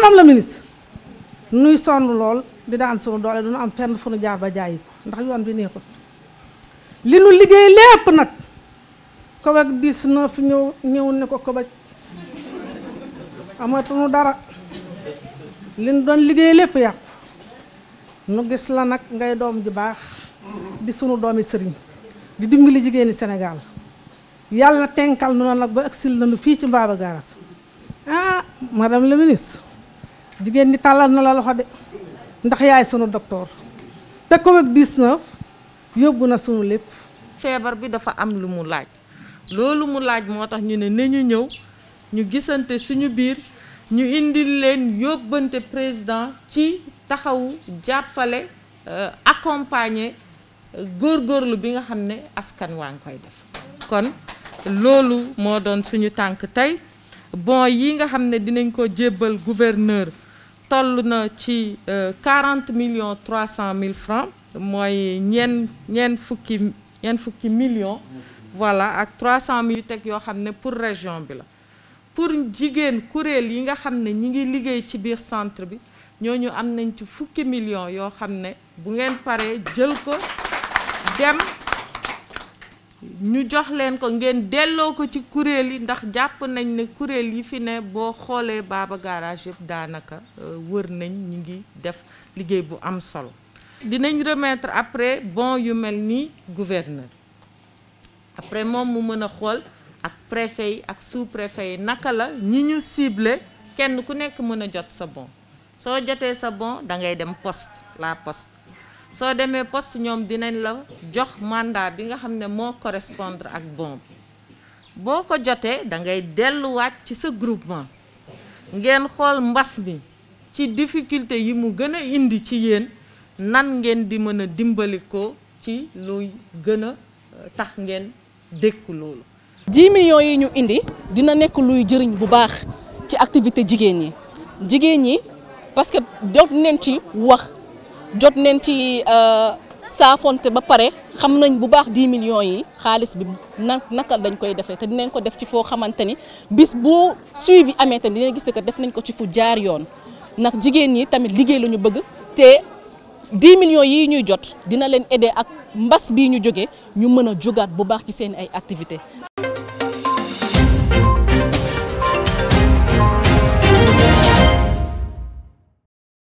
madame la ministre nuy sonu lol di daan sunu doole du am fenn fu nu jaar ba jaay ko ndax yoon bi neexut li nu liggéey nak ko wak 19 ñew ñëw ne ko amatu nu dara li nu doon liggéey lepp ya nu gis la nak ngay doom ju baax di sunu doomi sëriñ di dimbali jigéeni senegal yalla tenkal nu nak ba aksil nañu fi ci Mbaba garas ah madame la ministre jigéen ñi tàllal na la loxo de ndax yaay sunu docteur te Covid-19 yóbbu na sunu lépp. feebar bi dafa am lu mu laaj loolu mu laaj moo tax ñu ne nañu ñëw ñu gisante suñu biir ñu indil leen yóbbante président ci taxawu jàppale euh, accompagner euh, góorgóorlu bi nga xam ne askan waa ngi koy def kon loolu moo doon suñu tànk tey bon yi nga xam ne dinañ ko jébbal gouverneur toll na ci 40 euh, millions 300 000 francs moy ñen ñen fukki ñen fukki millions voilà ak 300 mille teg yoo xam pour région bi la pour jigen kuréel yi nga xamné ñi ngi liggéey ci biir centre bi ñoñu am nañ ci fukki millions yo xamné bu ngeen paré jël ko dem ñu jox leen ko ngeen delloo ko ci kuréel yi ndax jàpp nañ ne kuréel yi fi ne boo xoolee Baba Garage yëpp daanaka euh, wër nañ ñu ngi def liggéey bu am solo. dinañ remettre après bon yu mel nii gouverneur après moom mu mën a xool ak préfet yi ak sous préfet yi naka la ñi ñu ciblé kenn ku nekk mën a jot sa bon soo jotee sa bon da ngay dem post la poste. soo demee poste ñoom dinañ la jox màndaa bi nga xam ne moo correspondre ak bon boo ko jotee da ngay delluwaat ci sa groupement ngeen xool mbas bi ci difficulté yi mu gën a indi ci yéen nan ngeen di mën a dimbali ko ci luy gën a euh, tax ngeen dékku loolu 10 millions yi ñu indi dina nekk luy jëriñ bu baax ci activité jigéen ñi jigéen ñi parce que doot neen ci wax jot neen ci euh, saafonte ba pare xam nañ bu baax 10 millions yi xaalis bi na naka dañ koy defee te dinañ ko def ci foo xamante ni bis bu suivi amee tamit dinañ gis que def nañ ko ci fu jaar yoon ndax jigéen ñi tamit liggéey lañu bëgg te 10 millions yii ñuy jot dina leen aider ak mbas bii ñu jóge ñu mën a jógaat bu baax ci seen ay activités.